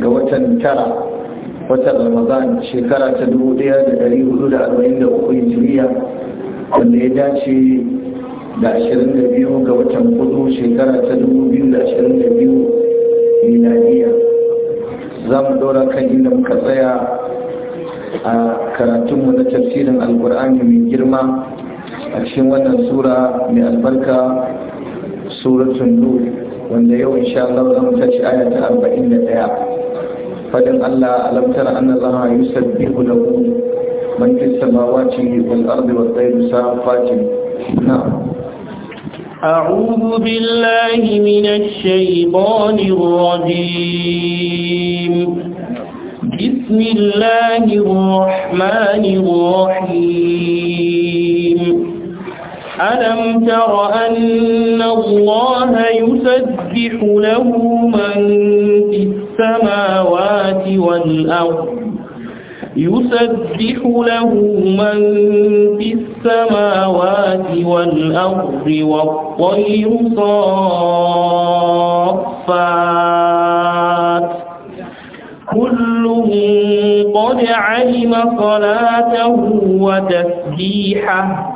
ga watan tara watan ramadan shekara ta 1443 hijiriya wanda ya dace da 22 ga watan kudu shekara ta 2022 miladiya za mu dora kan inda muka tsaya a karatunmu na tafsirin alkur'ani mai girma a cikin wannan sura mai albarka suratun nur wanda yau insha Allah za mu tashi aya ta 41 فإن الله ألم تر أن الله يسبح له من في السماوات والأرض والطير سافات نعم أعوذ بالله من الشيطان الرجيم بسم الله الرحمن الرحيم ألم تر أن الله يسبح له من في السماوات والأرض يسبح له من في السماوات والأرض والطير صافات كل قد علم صلاته وتسبيحه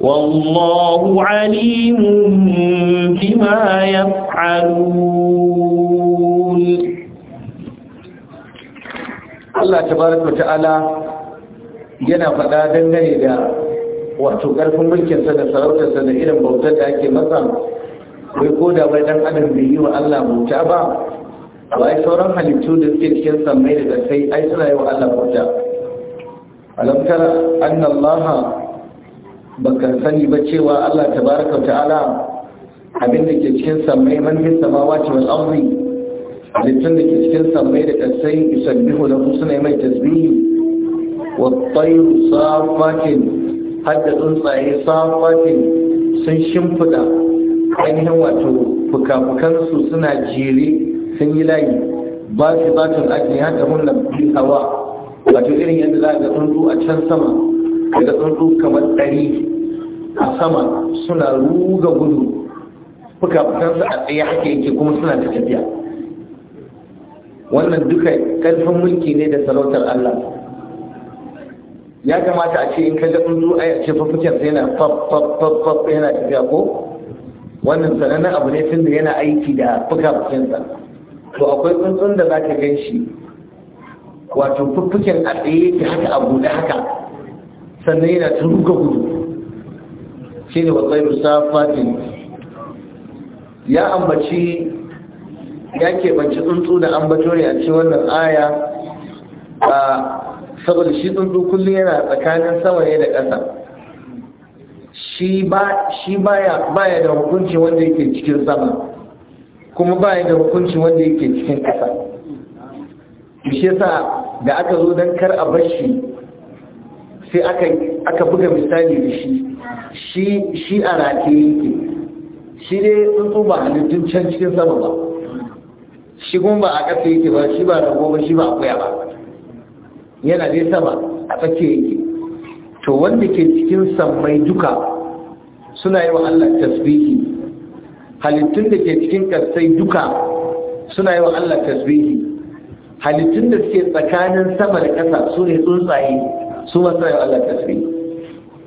والله عليم بما يفعلون Allah tabaraka ta'ala yana faɗa dangane da wato ƙarfin mulkinsa da sarautarsa da irin bautar da ake masa wai ko da bai dan adam bai yi wa Allah bauta ba ba ai sauran halittu da suke cikin sammai da sai ai suna yi wa Allah bauta alam tara anna Allah sani ba cewa Allah tabaraka ta'ala abin da ke cikin sammai man fi samawati wal ardi halittun da ke cikin sammai da kasai isabbihu da suna mai tasbihi wa tayru safatin hadda tsuntsaye safatin sun shimfida ainihin wato fuka-fukansu suna jere sun yi layi ba su ba su ajiye haka hunna bi hawa wato irin yadda za ga tsuntsu a can sama daga tsuntsu kamar ɗari a sama suna ruga gudu fuka-fukansu a tsaye haka yake kuma suna ta tafiya wannan duka ƙarfin mulki ne da sarautar Allah ya kamata a ce in ka ga zuwa a ce fafukin sai yana fafafafaf yana tafiya ko wannan sanannen abu ne tun da yana aiki da fuka-fukinsa to akwai tsuntsun da za ka gan shi wato a tsaye yake haka a buɗe haka sannan yana ruga gudu shi ne wasai fatin. ya ambaci ya keɓanci tsuntsu da an bato ne a cikin wannan aya saboda shi tsuntsu kullum yana tsakanin sama ne da ƙasa shi ba ya da hukunci wanda yake cikin sama kuma ba ya da hukunci wanda yake cikin ƙasa shi yasa da aka zo don kar a bashi sai aka buga misali da shi shi a rake yake shi dai tsuntsu ba halittun can cikin sama ba shi kuma ba a ƙasa yake ba shi ba rago ba shi ba akuya ba yana dai sama a tsakiya yake to wanda ke cikin sammai duka suna yi wa Allah tasbihi halittun da ke cikin ƙasai duka suna yi wa Allah tasbihi halittun da suke tsakanin sama da ƙasa su ne tsuntsaye su ma suna yi wa Allah tasbihi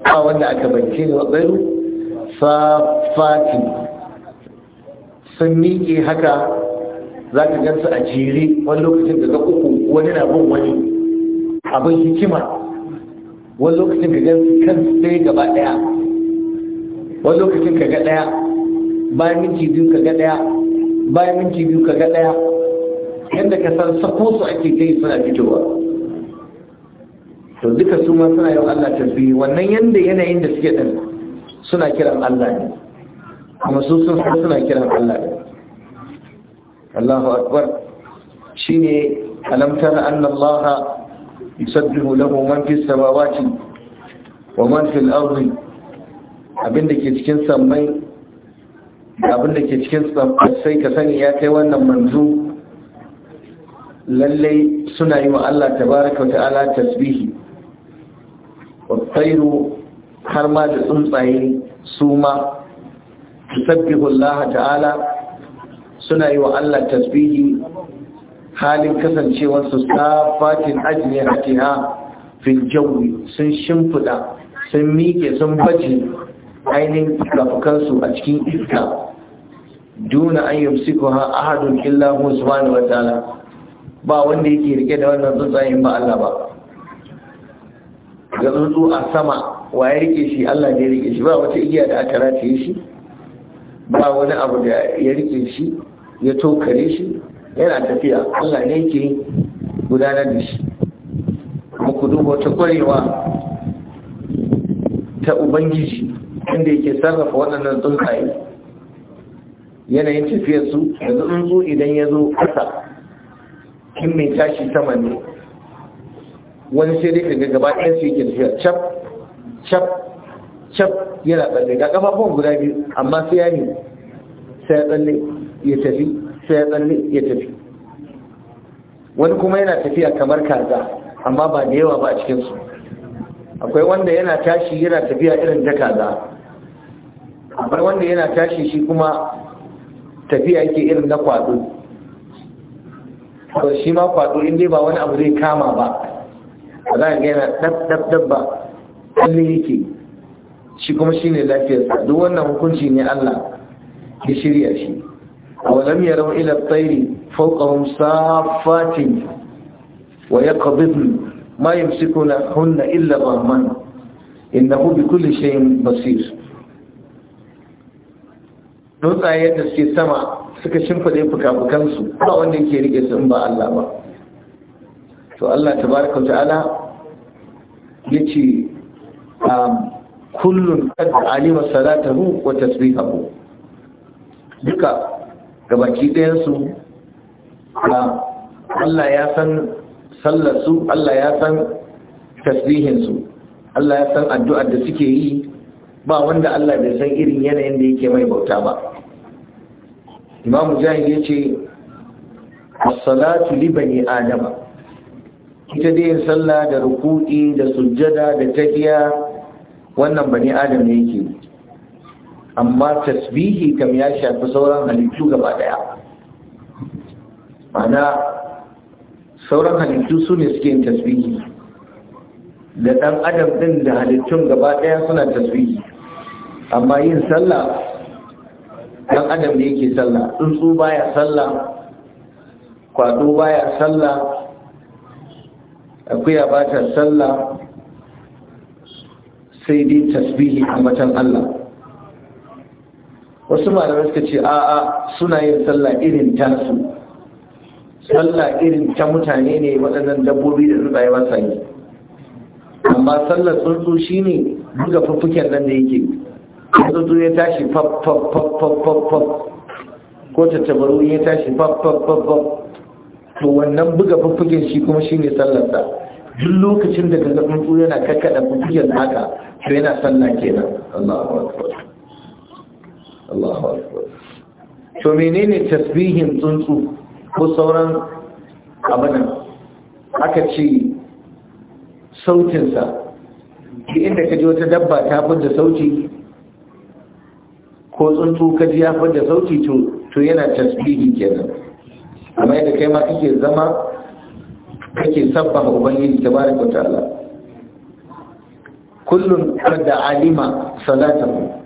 ba wanda aka bance ne wa tsairu safati sun miƙe haka za ka gansu a jere wani lokacin ka ga uku wani na bin wani abin hikima wani lokacin ka gansu kan sai gaba daya wani lokacin ka ga daya bayan minti biyu ka ga daya bayan minti biyu ka ga daya yadda ka san sako su ake kai suna fitowa to duka su ma suna yawan Allah tasbihi wannan yadda yanayin da suke din suna kiran Allah ne amma su sun suna kiran Allah ne Allahu akbar shine alam tara anna Allah yusabbihu lahu man fis samawati wa man fil ardi abinda ke cikin sammai abinda ke cikin sai ka sani ya kai wannan manzo lallai suna yiwa Allah tabaraka wa ta'ala tasbihi wa tsairu har ma da tsuntsaye suma. ma tasabbihu Allah ta'ala suna yi wa Allah tasbihi halin kasancewar su safatin ajnihatiha fil jawi sun shimfida sun mike sun baje ainihin kafukansu a cikin iska duna an yumsikuha ahadun illa hu subhanahu wa ta'ala ba wanda yake rike da wannan tsuntsayen ba Allah ba ga tsuntsu a sama wa ya rike shi Allah ne ya rike shi ba wata igiya da aka rataye shi ba wani abu da ya rike shi ya tokare shi yana tafiya Allah ne ke gudanar da shi muku duba ta kwarewa ta ubangiji inda yake sarrafa waɗannan tsuntsaye yanayin tafiyarsu yanzu tsuntsu idan ya zo ƙasa in mai tashi sama ne wani sai dai daga gaba ɗaya su yake tafiya cap cap cap yana tsalle ga ƙafafon guda biyu amma sai ya yi sai ya tsalle ya tafi sai ya tsalle ya tafi wani kuma yana tafiya kamar kaza amma ba da yawa ba a cikinsu akwai wanda yana tashi yana tafiya irin ta kaza akwai wanda yana tashi shi kuma tafiya yake irin na kwado to shi ma kwado in ba wani abu zai kama ba a za a ga yana dab dab dab ba kallon yake shi kuma shine lafiyarsa duk wannan hukunci ne Allah ya shirya shi أولم يروا إلى الطير فوقهم صافات ويقبضن ما يمسكنهن إلا الرحمن إنه بكل شيء بصير tsuntsaye da suke sama suka shimfade fuka-fukansu ba wanda ke rike su in ba Allah ba to Allah tabaraka wa ta'ala yace kullun kullum alima salatahu wa tasbihahu duka gabaki ɗayansu a Allah ya san sallarsu Allah ya san tasbihinsu Allah ya san addu'ar da suke yi ba wanda Allah bai san irin yanayin da yake mai bauta ba Imam jahil ya ce as-salatu li bani adama ita dai yin sallah da ruku'i da sujjada da tafiya, wannan bani adam ne yake amma tasbihi kam ya shafi sauran halittu gaba daya mana sauran halittu su ne suke yin tasbihi da ɗan adam ɗin da halittun gaba daya suna tasbihi amma yin sallah ɗan adam ne yake sallah tsuntsu baya sallah kwado baya sallah akuya ba ta sallah sai dai tasbihi a matan Allah wasu malamai suka ce a'a suna yin sallah irin ta su. sallah irin ta mutane ne waɗannan dabbobi da tsuntsaye ba sa yi amma sallar tsuntsu shine buga fuffuken nan da yake tsuntsu ya tashi fab fab fab fab fab fab ko tattabaru ya tashi fab fab fab fab to wannan buga fuffuken shi kuma shine sallar sa duk lokacin da kaga tsuntsu yana kakkada fuffuken haka to yana sallah kenan Allahu akbar Allahu akbar to menene tasbihin tsuntsu ko sauran abin aka ce sautinsa ki inda ka ji wata dabba ta fidda sauti ko tsuntsu kaji ji ya fidda sauti to yana tasbihi kenan amma yadda kai ma kake zama kake sabbaha ubangiji tabaraka ta'ala kullun qad alima salatahu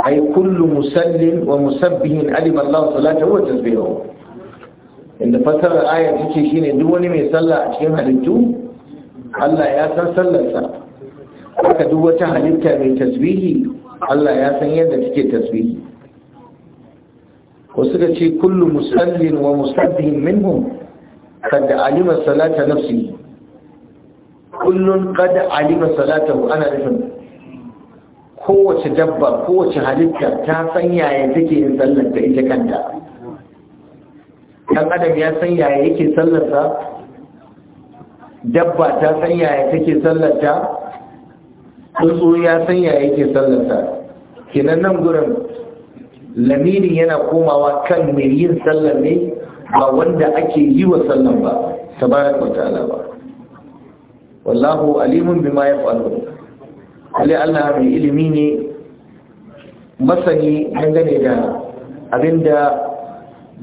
ai kullu musallin wa musabbihin alim Allah salatu wa tasbihu inda fasarar aya take shine duk wani mai sallah a cikin halittu Allah ya san sallarsa haka duk wata halitta mai tasbihi Allah ya san yadda take tasbihi ko suka ce kullu musallin wa musabbihin minhum ana kowace dabba kowace halitta ta san yaya take yin sallar ta ita kanta dan adam ya san yaya yake sallarsa dabba ta san yaya take sallarta tsuntsu ya san yaya yake sallarta. kenan nan gurin lamini yana komawa kan mai yin sallar ne ba wanda ake yi wa sallar ba tabaraka ta'ala ba wallahu alimun bima yaf'alun alai Allah mai ilimi ne masani dangane da abinda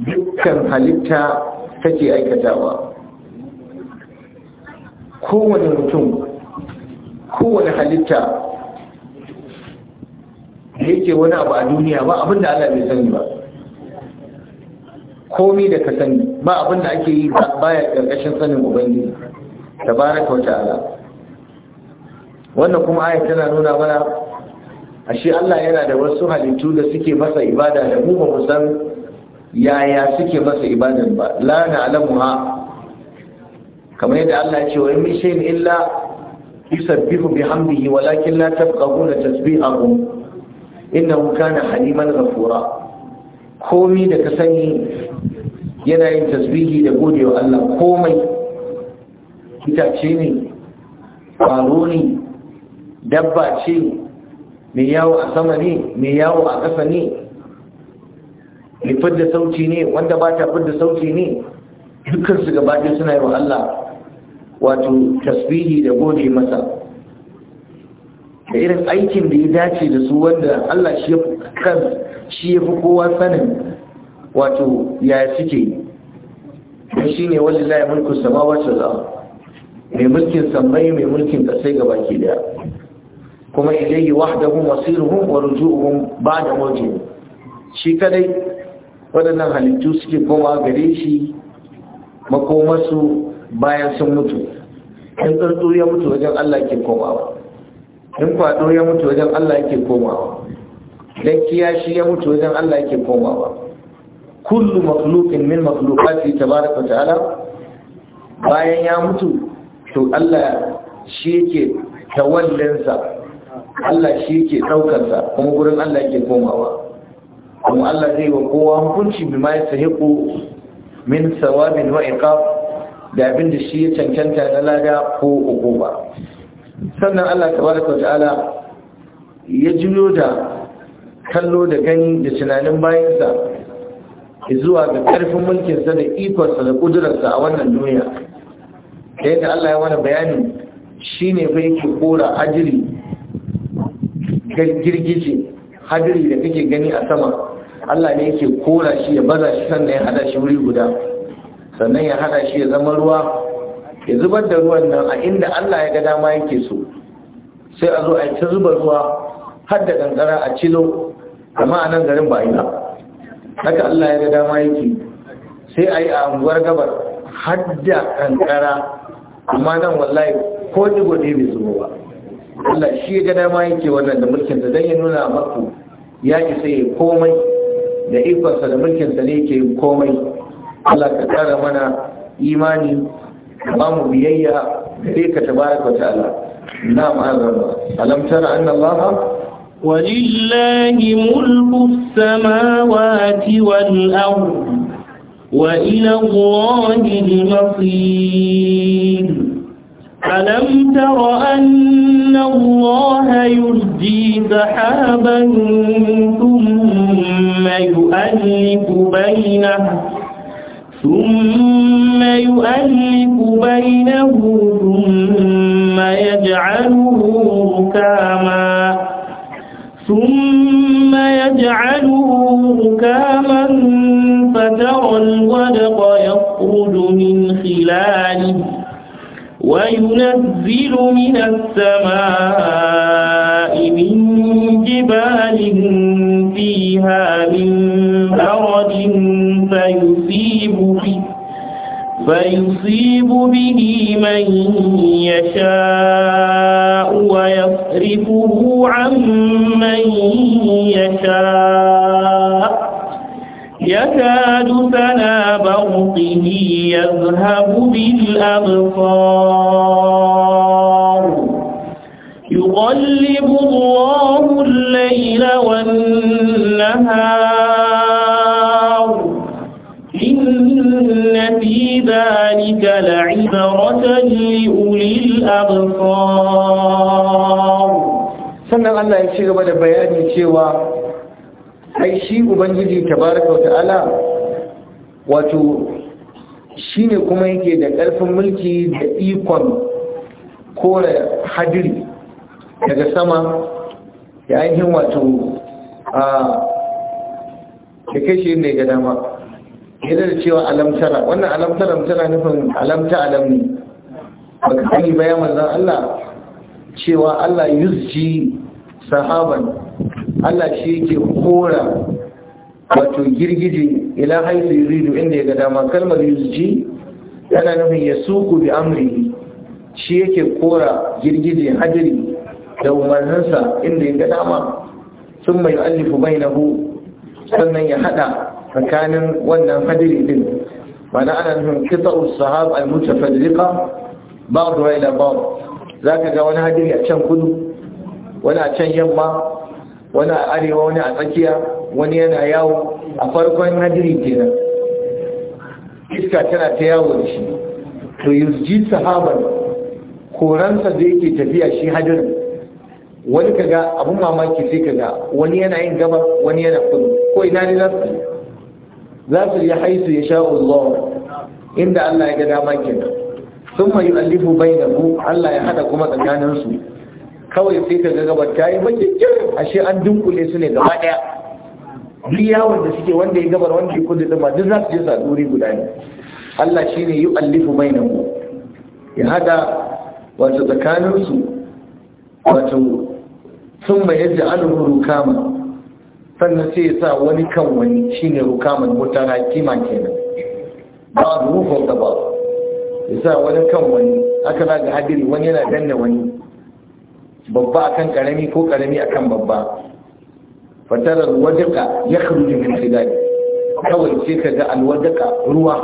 dukkan halitta take aikatawa kowane mutum kowane halitta da yake wani abu a duniya ba abinda Allah bai sani ba komi da ka sani ba abinda ake yi ba ya ƙarƙashin sanin ubangiji tabaraka wata allah wannan kuma ayat tana nuna mana ashe Allah yana da wasu halittu da suke masa ibada da mu ba mu san yaya suke masa ibada ba la na'lamuha kamar yadda Allah ya ce wa min shay'in illa yusabbihu bihamdihi walakin la tafqahuna tasbihahu innahu kana haliman ghafura komai da ka sani yana yin tasbihi da godewa Allah komai itace ne ƙwaro dabba ce mai yawo a sama ne mai yawo a ƙasa ne mai da sauci ne wanda ba ta da sauci ne dukkansu gabaɗaya suna yi wa Allah wato tasbihi da gode masa da irin aikin da ya dace da su wanda Allah shi ya fi kowa sanin wato ya suke shi ne wajen layi mulkin samawa ce za mai mulkin samai, mai mulkin ƙasai ke daya kuma ilayhi wahdahum masiruhum wa ruju'uhum ba'da mawtihim shi kadai waɗannan halittu suke goma gare shi makomarsu bayan sun mutu in tsuntsu ya mutu wajen Allah ke komawa in kwado ya mutu wajen Allah ke komawa dan kiyashi ya mutu wajen Allah ke komawa kullu makhluqin min makhluqati bada ta'ala bayan ya mutu to Allah shi yake tawallinsa Allah shi ke ɗaukarsa kuma gurin Allah ke komawa kuma Allah zai wa kowa hukunci bi ma yastahiqu min sawabin wa iqab da abin da shi ya cancanta na lada ko uku ba. sannan Allah tabaraka ta'ala ya juyo da kallo da gani da tunanin bayansa zuwa ga karfin mulkinsa da ikonsa da ƙudurarsa a wannan duniya da yadda Allah ya wani bayani shine bai yake kora ajiri girgije hadiri da kake gani a sama Allah ne yake kora shi ya baza shi sannan ya hada shi wuri guda sannan ya hada shi ya zama ruwa ya zubar da ruwan nan a inda Allah ya ga dama yake so sai a zo a ta zuba ruwa har da kankara a cilo amma a nan garin ba yi ba haka Allah ya ga dama yake sai a yi a unguwar gabar har da kankara amma nan wallahi ko digo gode bai zuba ba Allah shi ya ga dama yake wannan da mulkin sa dan ya nuna maku ya ki sai komai da ikonsa da mulkin sa ne ke yin komai Allah ka kara mana imani ba mu biyayya sai ka tabaraka ta'ala na'am azza alam tara anna Allah ولله ملك السماوات والأرض وإلى الله المصير ألم تر أن الله يرجي سحابا ثم يؤلف بينه ثم يؤلف بينه ثم يجعله ركاما ثم يجعله ركاما وينزل من السماء من جبال فيها من برد فيصيب به فيصيب به من يشاء ويصرفه عن من يشاء يكاد سنا برقه يذهب بالأبصار يقلب الله الليل والنهار إن في ذلك لعبرة لأولي الأبصار سنة الله ya بالبيان gaba ai shi ubangiji tabaraka ta'ala, wato shine kuma yake da ƙarfin mulki da ikon kore hadiri daga sama ya yi wato a da shi ne ga dama yana da cewa alamtara wannan alamtara mutana nufin alamta alamni ba ka sani bayan manzan Allah cewa Allah yuzji sahaban Allah shi yake kora wato girgije ila haisu yuridu inda ya ga dama kalmar yuzji yana nufin ya suku bi amri shi yake kora girgije hajiri da umarninsa inda ya ga dama sun mai allifu nahu sannan ya hada tsakanin wannan hajiri din mana ana nufin kita'u sahab al-mutafaddiqa da wa ila Za zaka ga wani hajiri a can kudu wani a can yamma wani a arewa wani a tsakiya wani yana yawo a farkon hadiri kenan iska tana ta yawo da shi to ji sahabar koransa da yake tafiya shi hadirin wani kaga abin mamaki sai kaga wani yana yin gaba wani yana kudu ko ina ne za su za su yi haisu ya sha'u Allah inda Allah ya ga dama kenan sun mai da bainahu Allah ya hada kuma tsakaninsu kawai sai ka ga gabar ta yi bakin ashe an dunkule su ne gaba daya duk yawon da suke wanda ya gabar wanda ya kudu din ma duk za su je su guda ne Allah shi ne yi shine yu'allifu bainahu ya hada wato tsakanin su wato sun mai yadda aluhu rukama sannan sai ya sa wani kan wani shi ne rukaman mutana kima kenan ba ruhu da ba ya sa wani kan wani aka zaga hadiri wani yana danna wani babba akan karami ko karami akan babba fatar alwadaka ya kharuji min khilali kawai sai ka ga alwadaka ruwa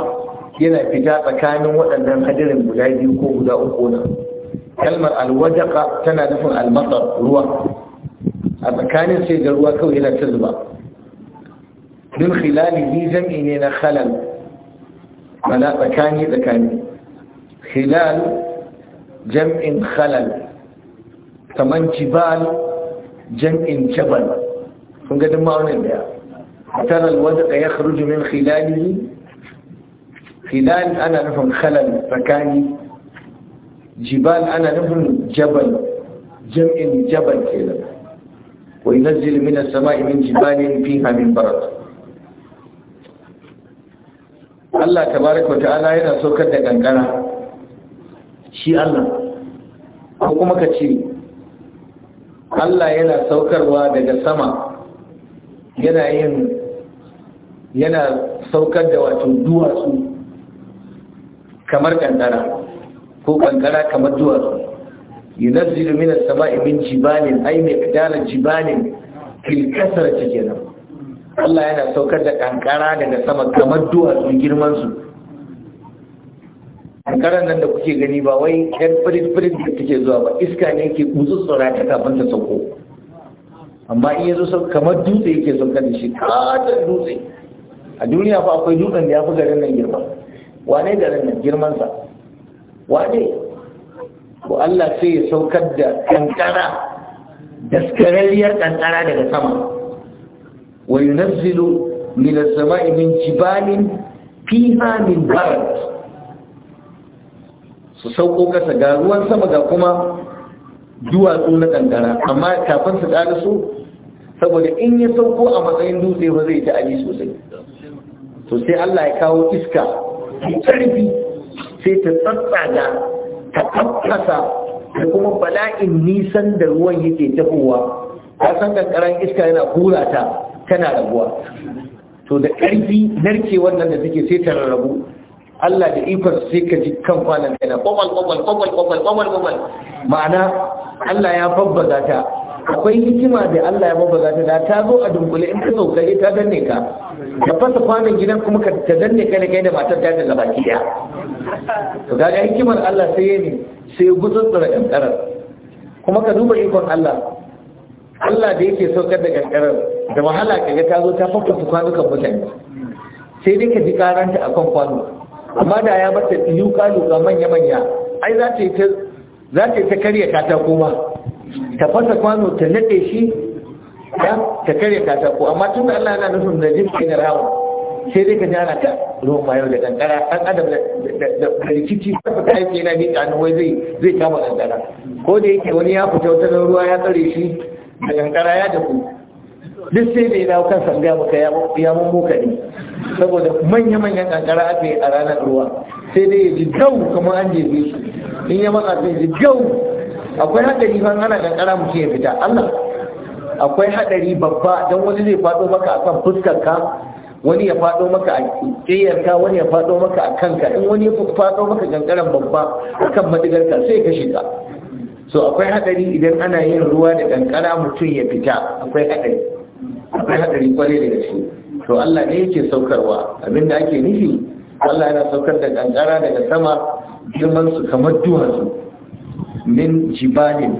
yana fita tsakanin waɗannan hadirin guda biyu ko guda uku na kalmar alwadaka tana nufin almasar ruwa a tsakanin sai ga ruwa kawai yana ta zuba min khilali bi jam'i ne na khalal mana tsakani tsakani khilal jam'in khalal kaman jibal jam'in jabal kun ga dama wannan daya tara alwada da ya kharuju min khilalihi khilal ana nufin khalal tsakani jibal ana nufin jabal jam'in jabal kenan wa yunzilu min as-sama'i min jibalin fiha min barat Allah tabaraka wa ta'ala yana saukar da kankara shi Allah ko kuma ka ce Allah yana saukarwa daga sama yana yin yana saukar da wato duwatsu kamar kankara ko kankara kamar duwatsu yunazzilu minas sama'i min jibalin ay miqdara jibalin fil kasrati kenan Allah yana saukar da kankara daga sama kamar duwatsu girman su karan nan da kuke gani ba wai yan firin firin da take zuwa ba iska ne ke tsora ta kafin ta sauko amma in zo sau kamar dutse yake sauka da shi katon dutse a duniya fa akwai dutsen da ya fi garin nan girma wane garin nan girmansa? wane ko Allah sai ya saukar da kankara daskararriyar kankara daga sama wa yunazzilu min as-sama'i min jibalin fiha min barat su sauko kasa ga ruwan sama ga kuma duwatsu na kankara amma kafin su ƙara su saboda in ya sauko a matsayin dutse ba zai ali sosai to sai Allah ya kawo iska ƙarfi sai ta tsatsaga ta tsakkasa da kuma bala'in nisan da ruwan yake tafowa Ta san kankaran iska yana hura ta tana rabuwa to da ƙarfi narkewar nan da suke sai ta rarrabu Allah da ikon sai ka ji kan kwanan yana kwamal kwamal kwamal kwamal kwamal kwamal ma'ana Allah ya babbaza ta akwai hikima da Allah ya babbaza ta da ta zo a dunkule in ka sauka eh, ta danne ka ka fasa kwanan gidan kuma ka ta danne ka da kai da matar ta daga baki daya to ga hikimar Allah sai ne sai gutsutsura kankarar kuma ka duba ikon Allah Allah da yake saukar da kankarar da wahala kaga ta zo ta fafafa kwanukan mutane sai dai ka ji karanta akan kwano amma da ya mata luka luka manya manya ai za ta ta za ta ta karya katako ta fasa kwano ta nade shi ya ta karya katako amma tun da Allah yana nufin da jin kai rawo sai dai ka jana ta ruwan mayo da kankara an adam da rikici ta fita yake yana bi kanu wai zai zai kama kankara ko da yake wani ya fita wata ruwa ya tsare shi da kankara ya dafu duk sai da ya dawo kansa ga maka ya mun boka ne saboda manya-manyan kankara aka yi a ranar ruwa sai dai ya ji gau kamar an je su. in ya matsa sai ji dau akwai haɗari ban ana kankara mutum ya fita allah akwai haɗari babba don wani zai faɗo maka a kan fuskarka wani ya faɗo maka a ka wani ya faɗo maka a kanka in wani ya faɗo maka kankaran babba a kan ka sai ka shiga so akwai haɗari idan ana yin ruwa da kankara mutum ya fita akwai haɗari akwai haɗari kwarai da gaske to Allah ne yake saukarwa abinda ake nufi Allah yana saukar da kankara daga sama girman su kamar duwatsu min jibalin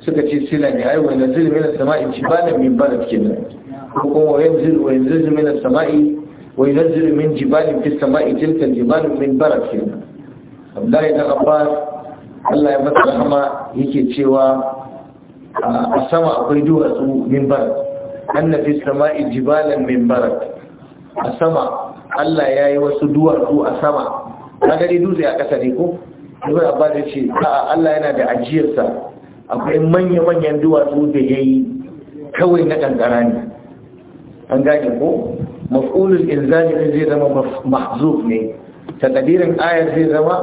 suka ce sila ne ai wani zil min sama'i jibalin min barat kenan ko kuma wani zil wani zil min sama'i wani zil min jibalin fi sama'i tilka jibalin min barat kenan Abdullahi da Abbas Allah ya masa rahama yake cewa a sama akwai duwatsu min barat anna fi sama'i jibalan min barak a sama Allah ya yi wasu duwatsu a sama na gari dutse a kasa ne ko ibn Abba ya ce a Allah yana da ajiyarsa akwai manya-manyan duwatsu da ya yi kawai na kankara ne an gaje ko maf'ulul inzali ne zai zama mahzuf ne takadirin ayar zai zama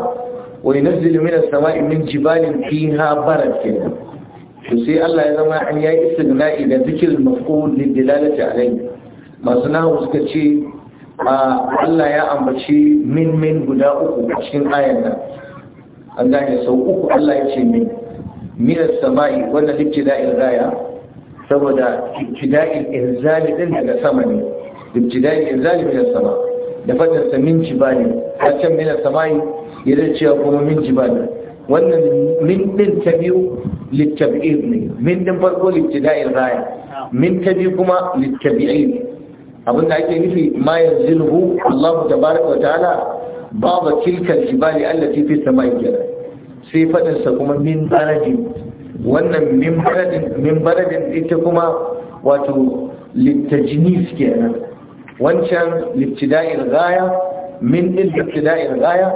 wa yunzilu minas sama'i min jibalin fiha barak kenan to sai Allah ya zama an yayi istigna'i da zikir maf'ul lidilalati alayhi masu nahu suka ce a Allah ya ambaci min min guda uku a cikin ayan nan an gane sau uku Allah ya ce min min samai wannan ibtida'il raya saboda ibtida'il inzali din daga sama ne ibtida'il inzali min sama da fadin sa min jibali a can min samai yana cewa kuma min jibali wannan min din ta biyu littabi'in ne min din farko littida'in raya min ta biyu kuma ne. abin da ake nufi ma yanzilhu Allah ta tabaraka wa ta'ala baba tilka aljibali allati fi sama'i jannah sai faɗinsa kuma min baradin wannan min baradin min ita kuma wato littajnis kenan wancan littida'in raya min din littida'in raya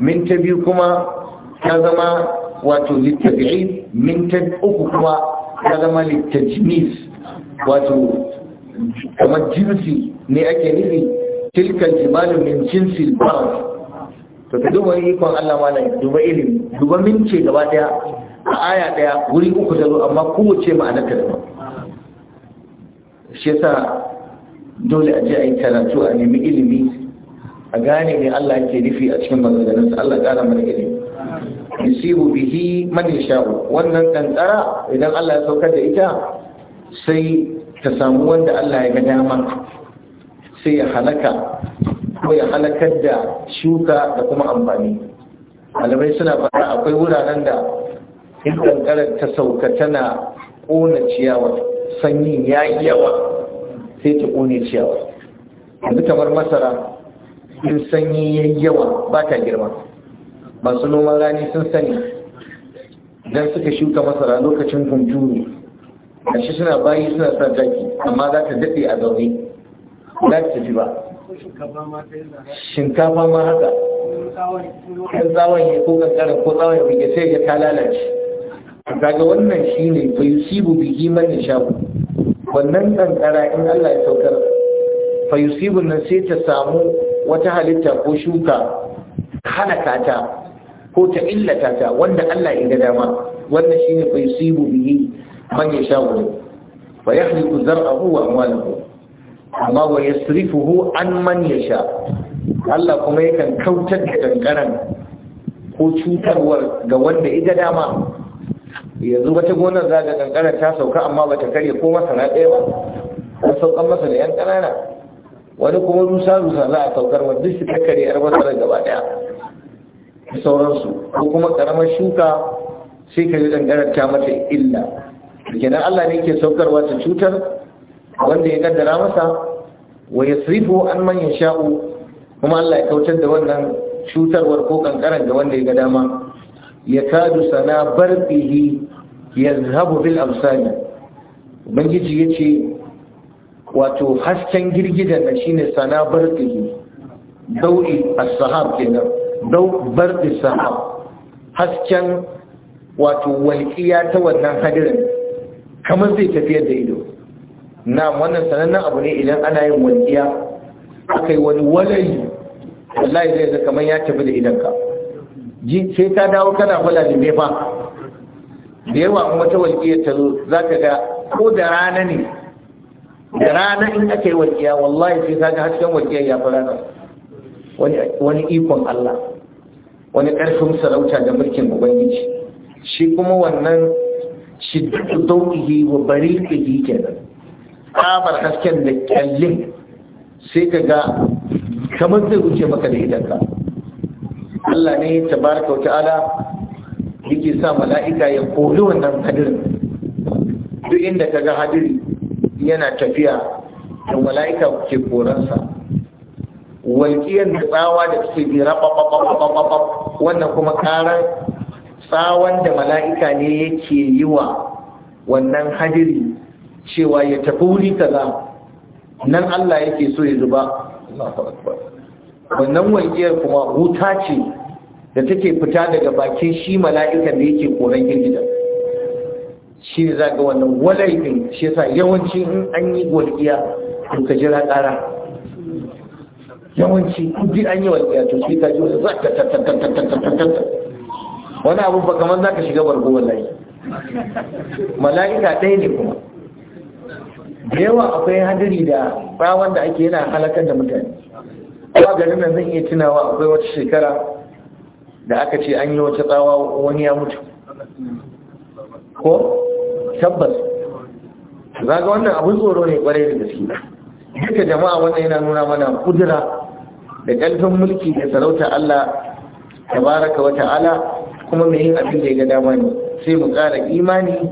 min ta biyu kuma ta zama wato littabi'in min ta uku kuma ta zama littajnis wato kamar jinsi ne ake nufi tilkan jimalu min jinsi barat to ka duba ikon Allah malam duba ilimi duba ce gaba daya a aya daya wuri uku da zo amma kowace ma'anar ta daban shi yasa dole a ji a yi karatu a nemi ilimi a gane ne Allah yake nufi a cikin maganganunsa Allah kara mana ilimi yusibu bihi man yasha'u wannan kankara idan Allah ya saukar da ita sai ta samu wanda Allah ya ga dama sai ya halaka ko ya halakar da shuka da kuma amfani malamai suna faɗa akwai wuraren da in kankarar ta sauka tana ƙona ciyawa sanyi ya yi yawa sai ta ƙone ciyawa yanzu kamar masara in sanyi ya yawa ba ta girma masu noman rani sun sani don suka shuka masara lokacin hunturu a shi suna bayi suna sa zaki, amma za ta daɗe a zaune za ta tafi ba shinkafa ma haka kan tsawon ya ko kankara ko tsawon ya bige sai ya ta lalace kaga wannan shine fa yusibu bihi man yashabu wannan kankara in Allah ya saukar fayusibu na nan sai ta samu wata halitta ko shuka halaka ta ko ta illata ta wanda Allah ya ga dama wannan shine fa yusibu bihi man yasha'u fa yahliku zar'ahu wa amwaluhu amma wa yasrifuhu an man sha. Allah kuma yakan kautar da kankaran ko cutarwar ga wanda ya ga dama yanzu wata gonar za ga kankara ta sauka amma bata karya ko masana ɗaya ba an saukan masa da yan ƙanana wani kuma rusa rusa za a saukar wa duk su ta karye yar masara gaba ɗaya da sauransu ko kuma karamar shuka sai ka yi dangaranta mata illa kenan Allah ne ke saukarwa ta cutar wanda ya kaddara masa wa yasrifu an man yasha'u kuma Allah ya kautar da wannan cutarwar ko kankaran da wanda ya ga dama ya kadu sana barbihi zhabu bil absani ubangiji yace wato hasken girgidan shine sana barbihi dau'i as-sahab kenan dau bar sahab hasken wato walƙiya ta wannan hadirin kamar zai tafiyar da ido na wannan sanannen abu ne idan ana yin walƙiya aka yi wani walayi wallahi zai zai kamar ya tafi da idanka sai ta dawo kana kula da nefa da yawa wata walƙiya ta zo za ka ga ko da rana ne da rana in aka yi walƙiya wallahi sai ta ga hasken walƙiya ya fi rana wani ikon Allah wani ƙarfin sarauta da mulkin ubangiji shi kuma wannan shiddu dauki wa bariqihi kenan kabar hasken da kyallin sai ka ga kamar zai wuce maka da idanka Allah ne tabaraka wa ta'ala yake sa mala'ika ya kori wannan hadirin duk inda ka ga hadiri yana tafiya da mala'ika ke koransa walƙiyar da tsawa da suke jira wannan kuma karar tsawon da mala'ika ne yake yi wa wannan hadiri cewa ya tafi wuri kaza nan Allah yake so ya zuba wannan walƙiyar kuma wuta ce da take fita daga bakin shi mala'ikan da yake koren girgidan shi ne za ga wannan walaifin shi yasa yawanci in an yi walƙiya to ka jira ƙara yawanci kudi an yi wani yato sai ta ji wani za wani ka shiga mala'ika ɗaya ne kuma da yawa hadari da ake yana halakar da mutane zan iya tunawa akwai wata shekara da wata tsawa wani ya mutu ko tabbas wannan abin tsoro ne kwarai da gaske jama'a wanda yana nuna mana kudura da ƙarfin mulki da sarauta Allah tabaraka wa ta'ala kuma mai yin abin da ya ga dama ne sai mu ƙara imani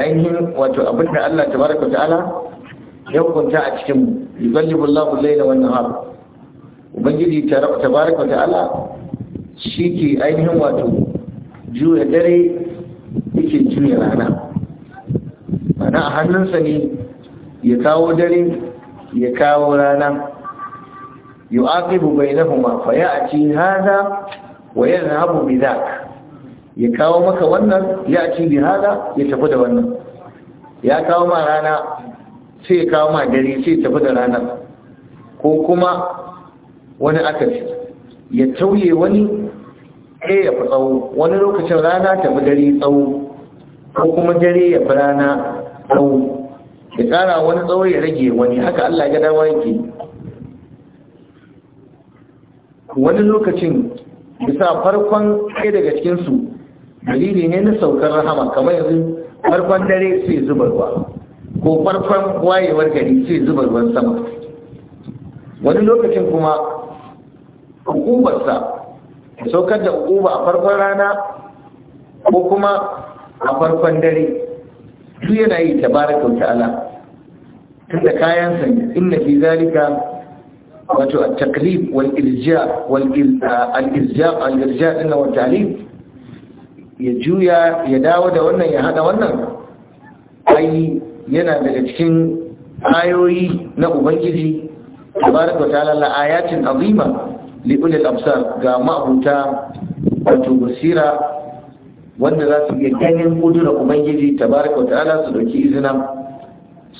ainihin wato abin da Allah tabaraka wa ta'ala ya hukunta a cikin mu yuqallibu Allahu al-layla wan nahar ubangiji tabaraka wa ta'ala ke ainihin wato juya dare yake juya rana mana a hannunsa ne ya kawo dare ya kawo rana yu'aqibu bainahuma fa ya'ti hadha wa yadhhabu bi dhaka ya kawo maka wannan ya'ti bi hadha ya tafi da wannan ya kawo ma rana sai ya kawo ma dare sai ya tafi da ranar ko kuma wani akasi ya tauye wani ɗaya ya fi tsawo wani lokacin rana tafi dare tsawo ko kuma dare ya fi rana tsawo ya ƙara wani tsawo ya rage wani haka Allah ya dawa yake wani lokacin bisa farkon ɗaya daga cikinsu dalili ne na saukar rahama kamar yanzu farkon dare sai zubar ruwa ko farkon wayewar gari sai zubar ruwan sama wani lokacin kuma hukumarsa saukar da hukuma a farkon rana ko kuma a farkon dare duk yana yi tabarakau tun da kayan sanya inna fi zalika wato a taklif wal irja al din wa talib ya juya ya dawo da wannan ya haɗa wannan ai yana daga cikin ayoyi na ubangiji tabaraka ta'ala la ayatin azima li ga ma'abuta wato basira wanda za su iya ganin kudura ubangiji tabaraka ta'ala su dauki izina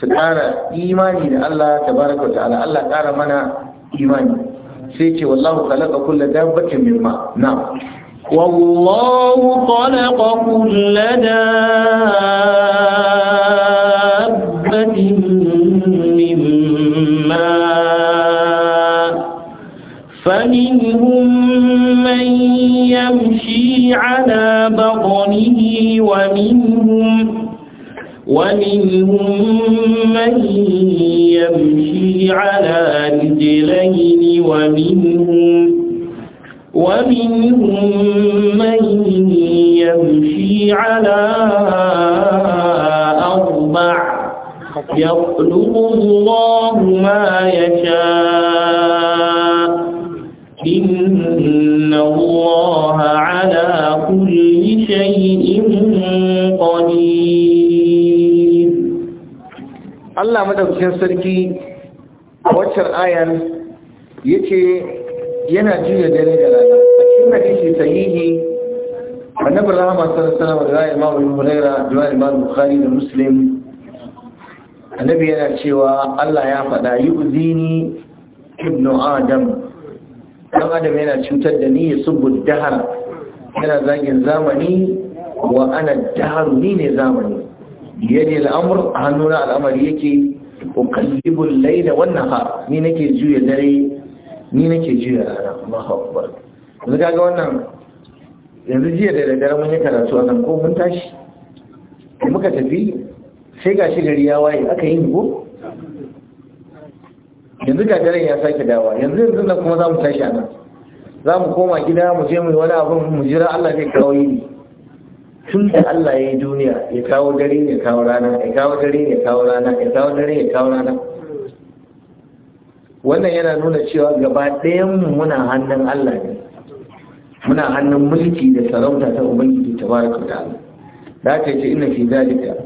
su ƙara imani da Allah tabaraka ta'ala Allah ƙara mana imani sai والله خلق كل دابة من ماء نعم والله خلق كل دابة من ماء فمنهم من يمشي على بطنه ومنهم ومنهم من يمشي على ومنهم ومنهم من يمشي على أربع يخلق الله ما يشاء إن الله على كل شيء قدير الله مدى مدوكين سركي وشر آيان yace yana juya dare da rana a cikin hadisi sahihi annabi rahama sallallahu alaihi wasallam da Imam Abu da Imam Bukhari da Muslim annabi yana cewa Allah ya faɗa yuzini ibnu adam dan adam yana cutar da ni ya subud dahar yana zagin zamani wa ana dahar ni ne zamani yadi al'amr hannuna al'amari yake ukallibul layla wan nahar ni nake juya dare ni nake juya rana Allahu akbar yanzu kaga wannan yanzu jiya da daddare mun yi karatu a nan ko mun tashi muka tafi sai shi gari ya waye aka yi go yanzu ga daren ya sake dawa yanzu yanzu nan kuma za mu tashi a nan za mu koma gida mu je mu yi wani abin mu jira Allah zai kawo yi tun da Allah ya yi duniya ya kawo dare ya kawo rana ya kawo dare ya kawo rana ya kawo dare ya kawo rana wannan yana nuna cewa gaba ɗayanmu muna hannun Allah ne muna hannun mulki da sarauta ta ubangiji tabaraka da Allah da aka ce inna fi zalika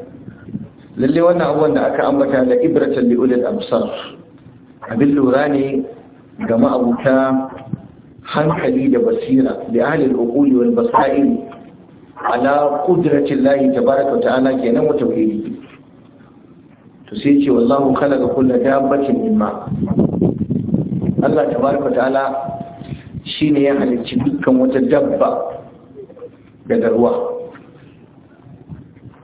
lalle wannan abubuwan da aka ambata da ibratan li ulil absar abin lura ne ga ma'abuta hankali da basira da ahlil uquli wal basair ala qudratil lahi tabaraka ta'ala kenan wa tauhidi to sai ce wallahu khalaqa kulla dabbatin mimma Allah tabaraka ta'ala shine ya halicci dukkan wata dabba daga ruwa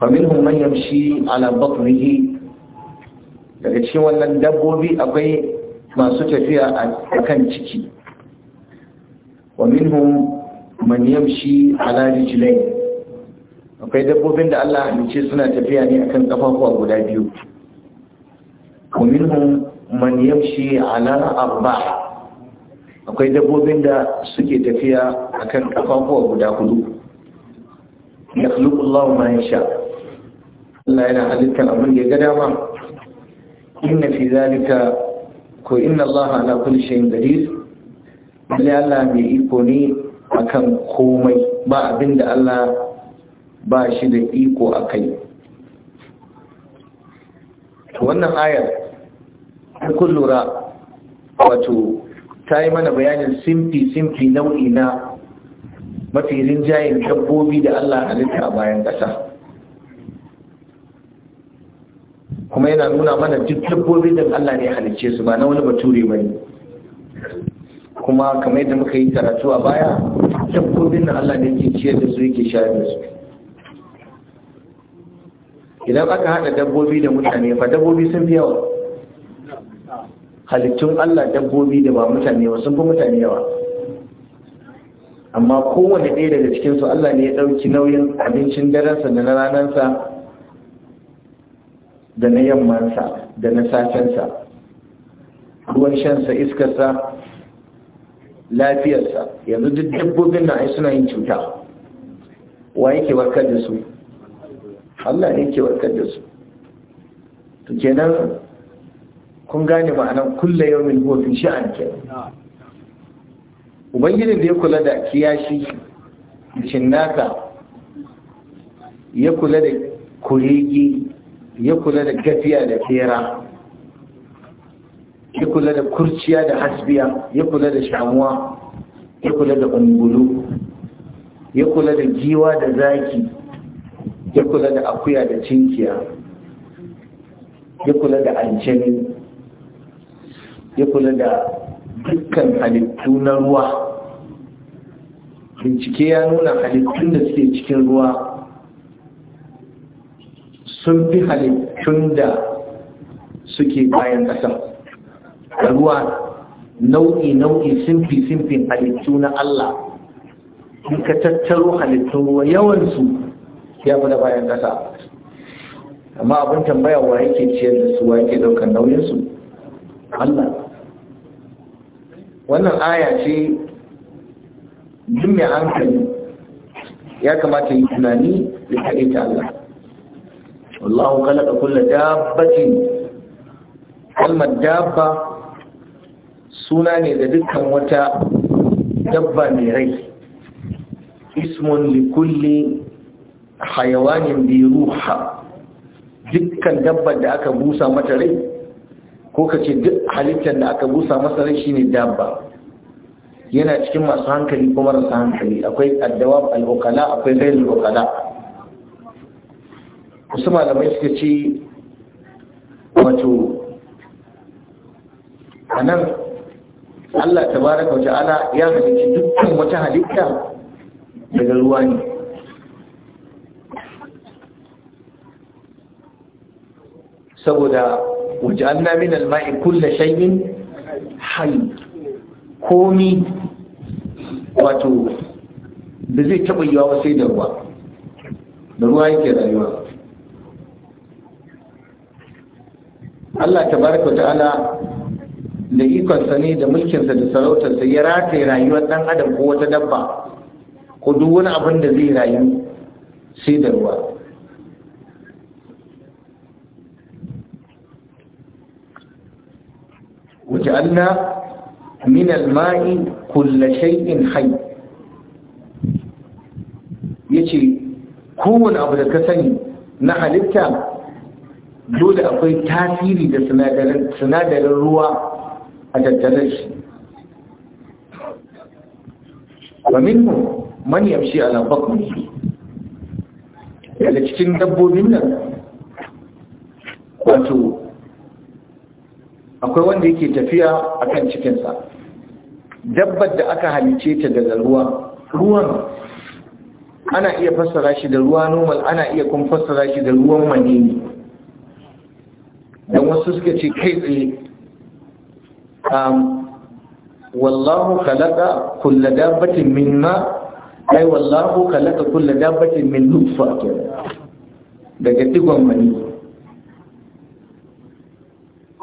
faminhum man yamshi ala batnihi daga cikin wannan dabbobi akwai masu tafiya a kan ciki wa minhum man yamshi ala rijlayn akwai dabbobin da Allah ya suna tafiya ne akan kafafuwa guda biyu wa man yamshi ala arba akwai dabbobin da suke tafiya akan kafafuwa guda hudu ya khluqullahu ma yasha Allah yana halittar abin da ya ga dama inna fi zalika ko inna Allah ala kulli shay'in qadir bale Allah mai iko ne akan komai ba abinda Allah ba shi da iko akai kai. wannan ayar kun lura wato ta yi mana bayanin simfi-simfi nau'i na mafi rinjayen dabbobi da Allah halitta a bayan ƙasa kuma yana nuna mana duk dabbobi da Allah ne halicce su ba na wani bature ba ne kuma kamar yadda muka yi karatu a baya dabbobin da Allah ne ke ciyar da su yake shayar da su idan aka haɗa dabbobi da mutane fa dabbobi sun fi yawa halittun Allah dabbobi da ba mutane ba sun fi mutane yawa amma kowane ɗaya daga cikinsu Allah ne ya ɗauki nauyin abincin darensa da na ranarsa da na yammansa da na safensa ruwan shansa iskarsa lafiyarsa yanzu duk dabbobin na ai suna yin cuta wa yake warkar da su Allah ne ke warkar da su to kenan kun gane ma'anar kulle yau min huwa shi ke ubangijin da ya kula da kiyashi cinnaka ya kula da kuregi ya kula da gafiya da fera ya kula da kurciya da hasbiya ya kula da shamuwa ya kula da ungulu ya kula da giwa da zaki ya kula da akuya da cinkiya ya kula da aljani ya kula da dukkan halittu na ruwa bincike ya nuna halittun da suke cikin ruwa sun fi halittun da suke bayan ƙasa ruwa nau'i-nau'i simfi-simfin halittu na Allah in ka tattaro halittun ruwa yawansu ya fi da bayan ƙasa amma abin tambaya wa yake ciyar da su wa yake ɗaukar nauyinsu Allah wannan aya ce jimmi an kai. ya kamata yi tunani da kaɗe ta Allah wallahu da kula dabbatin kalmar dabba suna ne da dukkan wata dabba mai rai ismun likulli hayawanin bi ruha dukkan dabbar da aka busa mata rai ko ka ce duk halittar da aka busa masa rai ne dabba yana cikin masu hankali kuma rasa hankali akwai addawa al'ukala akwai gairin al'ukala wasu malamai suka ce wato a nan allah tabaraka wa ala ya halicci dukkan wata halitta daga ruwa ne saboda waj'alna min al kulle kulli shay'in hayy komi wato da zai taɓa yiwa ba sai da ruwa da ruwa yake rayuwa Allah ta ta'ala da ikonsa ne da mulkinsa da sarautarsa ya rataye rayuwar ɗan adam ko wata dabba ko duk wani abin da zai rayu sai da ruwa ja'alna min al-ma'i kulla shay'in hayy yace kowane abu da ka sani na halitta dole akwai tasiri da sinadarin ruwa a tattare shi wamin mu man yamshi ala bakmi daga cikin dabbobin nan wato akwai wanda yake tafiya a kan cikinsa dabbar da aka halice ta daga ruwa ruwan ana iya fassara shi da ruwa normal ana iya kuma fassara shi da ruwan manini don wasu suka ce kai tsaye um, wallahu kalaka kulla dabbatin min ma ai wallahu kalaka kulla dabbatin min nutfa daga digon manini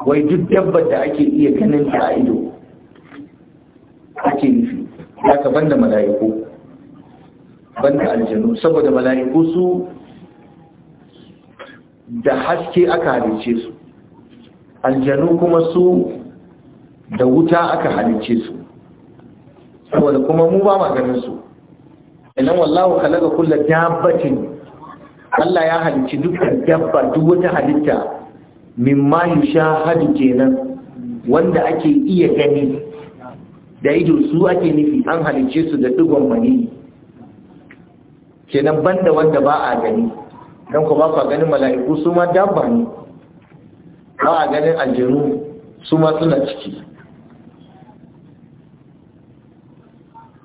wai duk dabbar da ake iya ganin ta a ido ake nufi ya ka banda mala'iku banda aljanu saboda mala'iku su da haske aka halice su aljanu kuma su da wuta aka halice su saboda kuma mu ba maganin su idan wallahu khalaqa kullu dabbatin Allah ya halicci dukkan dabba duk wata halitta mimma yushahadu kenan wanda ake iya gani da ido su ake nufi an halicce su da digon mani kenan banda wanda ba a gani don ku ba ku ganin mala'iku su ma dabba ne ba a ganin aljanu su ma suna ciki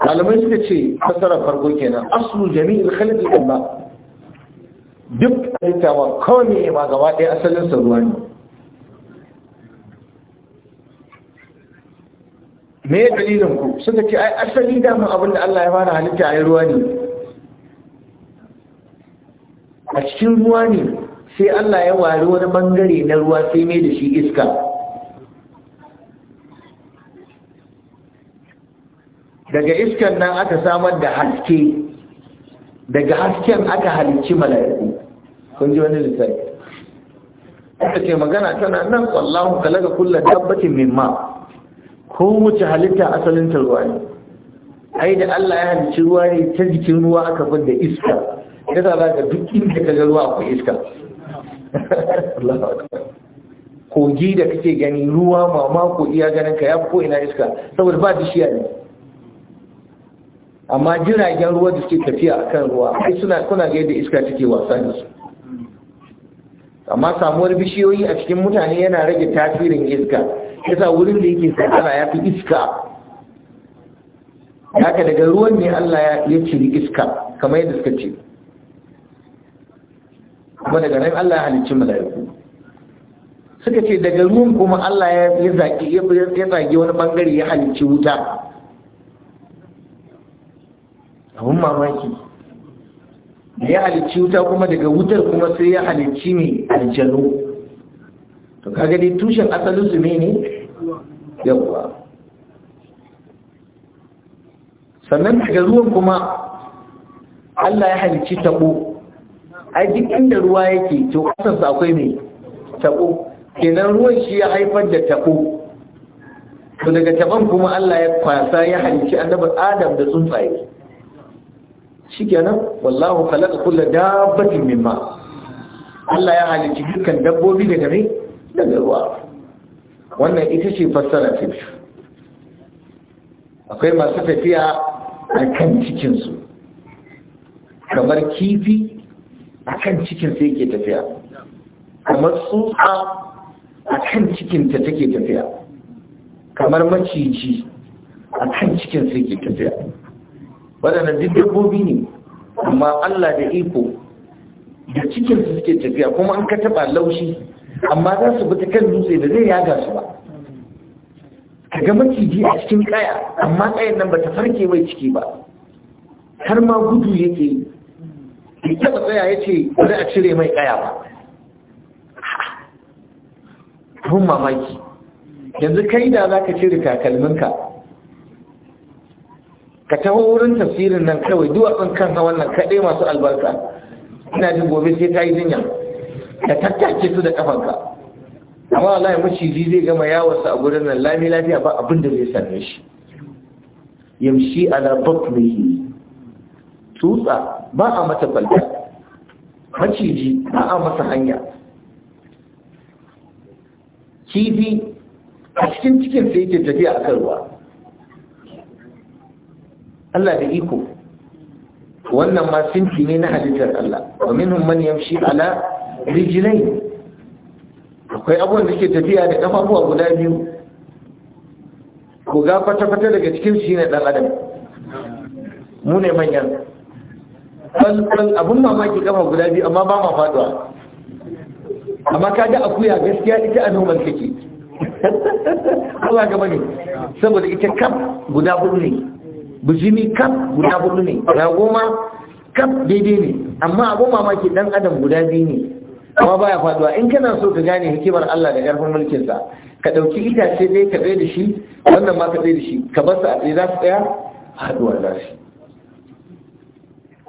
malamai suka ce fasara farko kenan aslu jami'il khalqi Allah duk halitta ma kawai ma gaba ɗaya asalin saruwa ne me ya dalilin ku suka ce ai asali dama abin da Allah ya fara halitta yi ruwa ne a cikin ruwa ne sai Allah ya wari wani bangare na ruwa sai mai da shi iska daga iskan nan aka samar da haske daga hasken aka halicci malayi kun ji wani littafi aka ce magana tana nan wallahu kalaga kullum dabbatin min ma ko wuce halitta asalin ta ruwa ne ai da Allah ya halicci ruwa ne ta jikin ruwa aka da iska sa za ka duk inda ka ga ruwa akwai iska kogi da kake gani ruwa mamako iya ganin ka ya ko ina iska saboda ba bishiya ne amma jiragen ruwa da suke tafiya akan ruwa ai suna kuna ga yadda iska take wasa da su amma samuwar bishiyoyi a cikin mutane yana rage tasirin iska yasa wurin da yake sakana ya fi iska haka daga ruwan ne Allah ya ciri iska kamar yadda suka ce kuma daga nan Allah ya halicci mala'iku suka ce daga ruwan kuma Allah ya zaki ya zage wani bangare ya halicci wuta abun mamaki da ya halicci wuta kuma daga wutar kuma sai ya halicci mai aljanu to kaga dai tushen asalin su ne yawwa sannan daga ruwan kuma Allah ya halicci tabo a duk inda ruwa yake to kasarsa akwai mai tabo kenan ruwan shi ya haifar da tabo to daga taban kuma Allah ya kwasa ya halicci annabar Adam da tsuntsaye shikenan wallahu khalaqa kulla dabbatin min Allah ya halicci dukkan dabbobi daga ne daga ruwa wannan ita ce fassara ta biyu akwai masu tafiya a kan cikinsu kamar kifi a kan cikinsu yake tafiya kamar tsutsa a kan ta take tafiya kamar maciji a kan cikinsu yake tafiya waɗannan duk dabbobi ne amma Allah da iko da cikin su suke tafiya kuma an ka taɓa laushi amma za su bata kan dutse da zai yaga su ba ka ga maciji a cikin kaya amma kayan nan ba ta farke mai ciki ba har ma gudu yake yi ya taɓa tsaya ya ce bari a cire mai kaya ba Tun mamaki yanzu kai da za ka cire takalminka ka taho wurin tafsirin nan kawai duwatsun kan hawan wannan kaɗai masu albarka ina jin gobe sai ta yi jinya ka tattace su da kafanka amma wallahi maciji zai gama yawarsa a gurin nan lami lafiya ba abin da zai same shi yamshi ala batnihi tutsa ba a mata falta maciji ba a masa hanya kifi a cikin cikin sai yake tafiya a kan ruwa Allah da iko wannan ma sinfi ne na halittar Allah wa minhum man yamshi ala rijlayn akwai abubuwan da ke tafiya da kafafuwa guda biyu ko ga fata-fata daga cikin shi ne dan adam mu ne manyan ɗan abin mamaki kafa guda biyu amma ba ma faduwa amma ka ga akuya gaskiya ita a noman take Allah ga ne saboda ita kaf guda hudu ne bijimi kaf guda hudu ne ragoma goma kaf daidai ne amma abu mamaki dan adam guda biyu ne amma baya faduwa in kana so ka gane hikimar Allah da karfin mulkinsa ka dauki itace dai ka tsaye da shi wannan ma ka tsaye da shi ka bar sa a tsaye za su tsaya haduwa za shi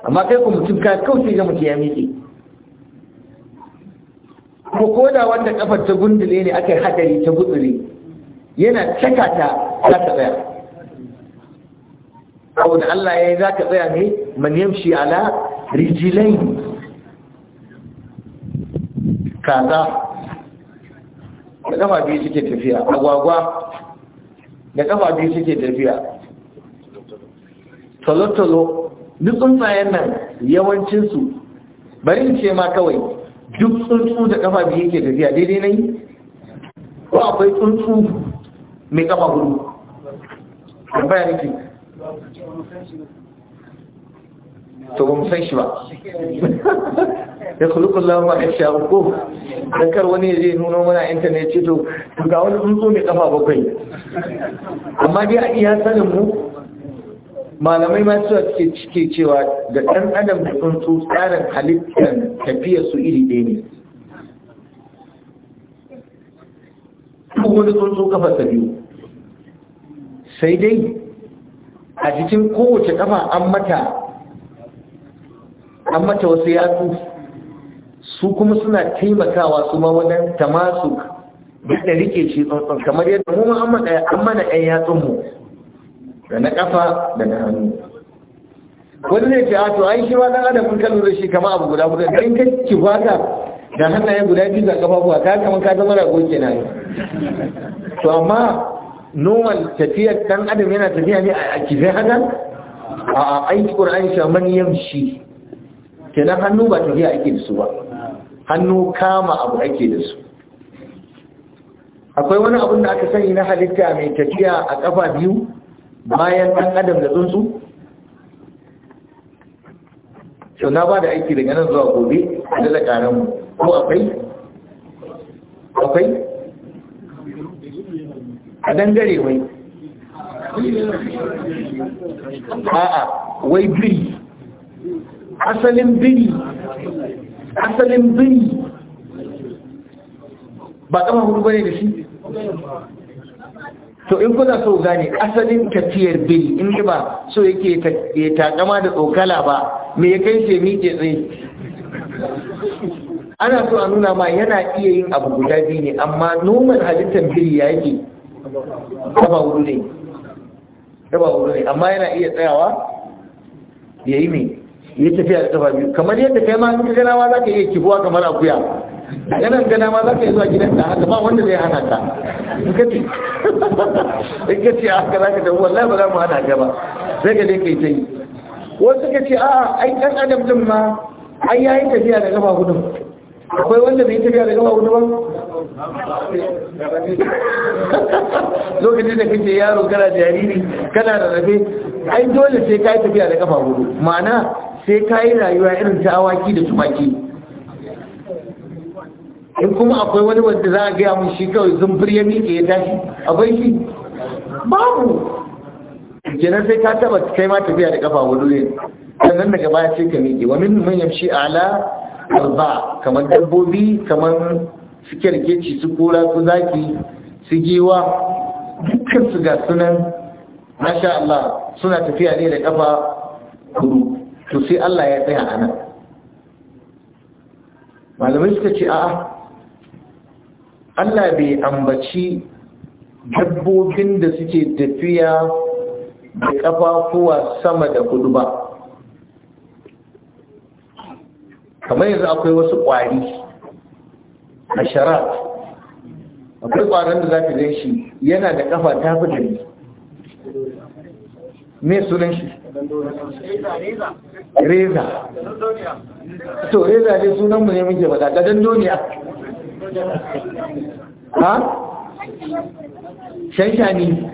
amma kai ku mutum ka kauce ga mutum ya miƙe ko koda wanda kafar ta gundule ne aka hadari ta gutsure yana cakata za ta tsaya saboda Allah ya yi za ka tsaya ne man yamshi ala rijilai kaza da kafa biyu suke tafiya agwagwa da kafa biyu suke tafiya tolotolo duk tsuntsayen nan yawancinsu bari in ce ma kawai duk tsuntsu da kafa biyu ke tafiya daidai na yi ko akwai tsuntsu mai kafa hudu bayan ke to ba mu san shi ba ya kulukun lamar ya shaku don kar wani zai nuna mana intanet ce to ga wani tsuntsu mai kafa bakwai amma dai a iya sanin mu malamai masu suke cike cewa da ɗan adam da tsuntsu tsarin halittar tafiyar su iri ɗaya ne ko wani tsuntsu kafa sa biyu sai dai a jikin kowace kafa an mata an mata wasu yatsu su kuma suna taimakawa su ma ta tamasu da rike ce tsantsan kamar yadda mu an mana ɗan yatsun mu da na kafa da na hannu wani ne ce a to ai shi ma dan adam kun kallo shi kama abu guda guda dan kai ki baka da hannaye guda biyu da kafafuwa ka kama ka zama rago kenan to amma normal tafiyar dan adam yana tafiya ne a kifin haka a aiki ƙura'an shaman yamshi kenan hannu ba tafiya ake da su ba hannu kama abu ake da su akwai wani abun da aka sani na halitta mai tafiya a kafa biyu bayan ɗan adam da tsuntsu sau na ba da aiki daga nan zuwa gobe a dala ko akwai akwai a dangare wai a'a wai biri asalin biri asalin biri ba kama hudu bane da shi to in kuna so gane asalin tafiyar biri in ba so yake ya takama da tsokala ba mai ya kai shemi ke tsaye ana so a nuna ma yana iya yin abu guda biyu ne amma noman halittar biri ya yake raba wuri ne raba wuri ne amma yana iya tsayawa ya yi ne ya tafiya da tafa biyu kamar yadda kai ma ka ganawa za ka iya kifuwa kamar akuya ganin gana ma za ka yi zuwa gidan da haka ma wanda zai hana ka in ka ce in ka ce a haka za ka tafi wallahi ba za mu hana ka ba sai ga dai kai ta yi wasu ka ce a'a ai ɗan adam ɗin ma ai yi tafiya da gaba hudun akwai wanda bai tafiya da gama wani ba lokacin da kake yaro kana jariri kana da rabe ai dole sai ka yi tafiya da gama hudu ma'ana sai ka yi rayuwa irin ta awaki da tumaki in kuma akwai wani wanda za a gaya mun shi kawai zumbir ya miƙe ya tashi akwai shi babu kenan sai ka taba kai ma tafiya da kafa hudu ne sannan daga baya sai ka miƙe wa min yamshi ala arba kamar dabbobi kamar su kyarkeci su kura su zaki su giwa dukkan su ga sunan masha Allah suna tafiya ne da kafa kudu to sai Allah ya tsaya a nan malamai suka ce a'a Allah bai ambaci dabbobin da suke tafiya da kafafuwa sama da kudu ba kamar yanzu akwai wasu ƙwari a sharaf akwai ƙwaron da za ta shi yana da kafa ta fi da me sunan shi reza to reza ne sunanmu ne muke faɗa ga dandoniya ha shanshani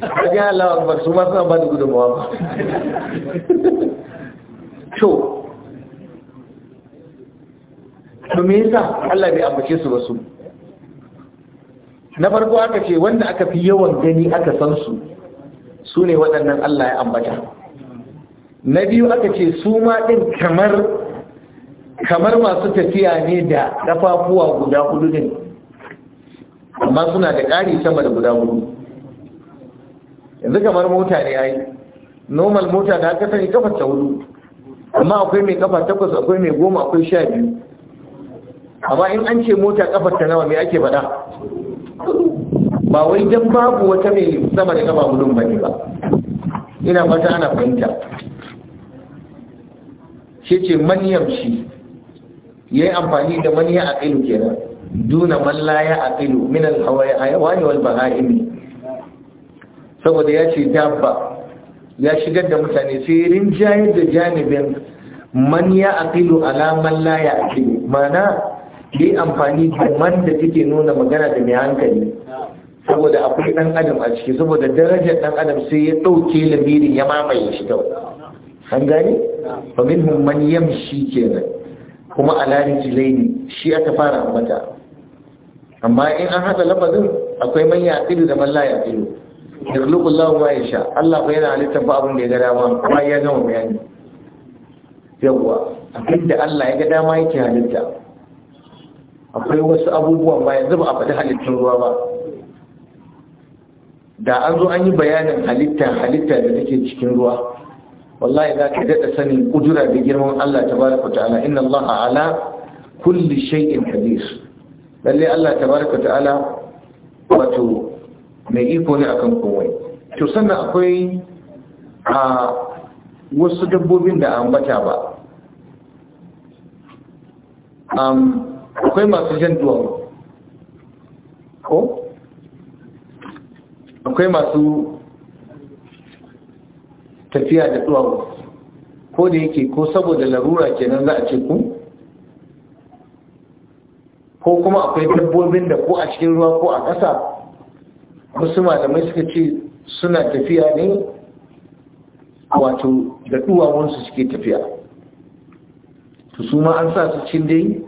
a ga ba su masu ba da gudunmawa ba to me yasa Allah bai ambace su ba su na farko aka ce wanda aka fi yawan gani aka san su su ne waɗannan Allah ya ambata na biyu aka ce su ma ɗin kamar kamar masu tafiya ne da ƙafafuwa guda hudu ne amma suna da ƙari sama da guda hudu yanzu kamar mota ne yi. normal mota da aka sani kafa ta hudu amma akwai mai kafa takwas akwai mai goma akwai sha biyu amma in an ce mota kafar ta nawa me ake faɗa ba wai dan babu wata mai sama da kafa gudun bane ba ina fata ana fahimta shi ce manyan shi ya yi amfani da maniya a ƙilu kenan duna mallaya a ƙilu min alhawai a wani wal baha'imi saboda ya ce dabba ya shigar da mutane sai rinjayar da janibin maniya a ƙilu ala mallaya a ƙilu mana yi amfani da wanda take nuna magana da mai hankali saboda akwai ɗan adam a ciki saboda darajar ɗan adam sai ya ɗauke lamirin ya mamaye shi kawai an gane fa minhum man yamshi kenan kuma ala rijlaini shi aka fara mata amma in an haɗa lafazin akwai man yaqilu da man la yaqilu yakhluqu Allahu ma sha, Allah fa yana halittar ba abin da ya ga dama kuma ya gama bayani yawwa abin Allah ya ga dama yake halitta akwai wasu abubuwan ba yanzu ba a faɗi halittar ruwa ba da an zo an yi bayanin halitta halitta da take cikin ruwa wallahi za ka daɗa sanin ƙudura da girman Allah ta baraka ta'ala inna Allah ala kulli shay'in hadis lalle Allah ta baraka ta'ala wato mai iko ne akan komai to sannan akwai a wasu dabbobin da ambata ba akwai masu jan duwan ko akwai masu tafiya da duwawu ko da yake ko saboda larura kenan za a ce ku ko kuma akwai dabbobin da ko a cikin ruwa ko a ƙasa wasu malamai suka ce suna tafiya ne wato da duwawansu suke tafiya su ma an sa su cin dai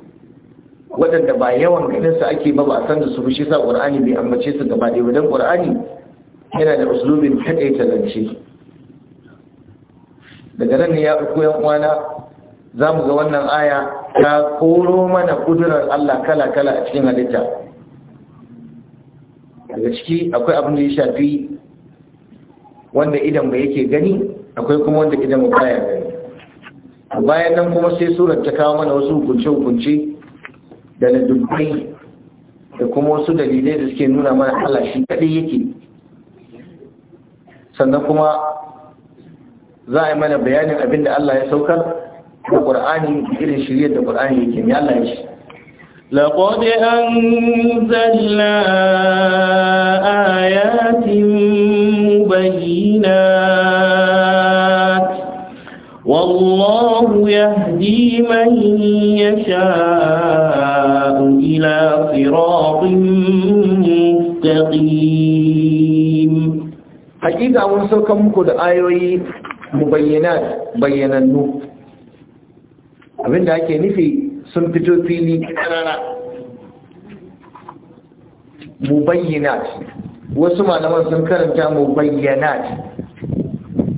waɗanda ba yawan ganin ake ba ba a san su fushi sa qur'ani bai ambace su gaba ɗaya dan qur'ani yana da uslubin takaita zance daga nan ne ya ɗauko yan uwana za mu ga wannan aya ta koro mana kudurar Allah kala-kala a cikin halitta daga ciki akwai abin da ya shafi wanda idan ba yake gani akwai kuma wanda idan ba ya gani bayan nan kuma sai surar ta kawo mana wasu hukunce-hukunce da na dubbai da kuma wasu dalilai da suke nuna mana Allah shi kaɗai yake sannan kuma za a yi mana bayanin abin da Allah ya saukar da ƙur'ani irin shiryar da ƙur'ani yake mai Allah ya ce لقد أنزلنا آيات مبينات والله يهدي من يشاء muttaqin hakika mun sauka muku da ayoyi mubayyanat bayyanannu abinda ake nufi sun fito fili karara mubayyanat wasu malaman sun karanta mubayyanat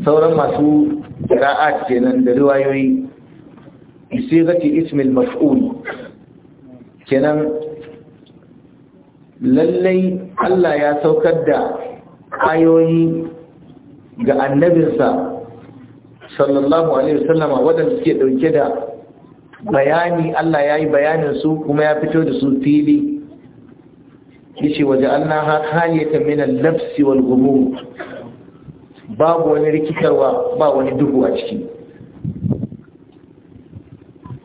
sauran masu qira'at kenan da riwayoyi bi sigati ismil maf'ul kenan lallai Allah ya saukar da ayoyi ga annabinsa sallallahu alaihi wasallama waɗanda suke ɗauke da bayani Allah ya yi bayanin su kuma ya fito da su fili Kishi waje Allah haliyata min al-lafsi wal ghumum babu wani rikitarwa ba wani duhu a ciki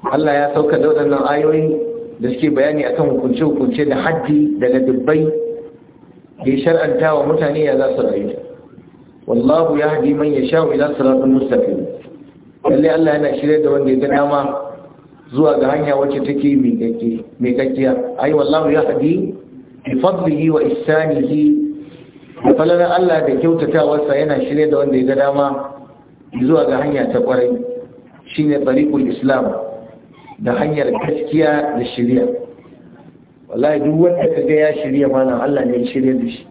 Allah ya sauka da waɗannan ayoyi da suke bayani akan hukunce-hukunce da haddi daga dubbai da ya shar'anta wa mutane ya za su rayu wallahu ya haɗi man ya sha ila siratun mustaqim lalle Allah yana shirya da wanda ya ga dama zuwa ga hanya wacce take mai kakkiya ai wallahu ya haɗi bi fadlihi wa ihsanihi falalar Allah da kyautatawarsa yana shirya da wanda ya ga dama zuwa ga hanya ta kwarai shine tariqul islam da hanyar gaskiya da shirya wallahi duk wanda kaga ya shirya mana Allah ne ya shirya da shi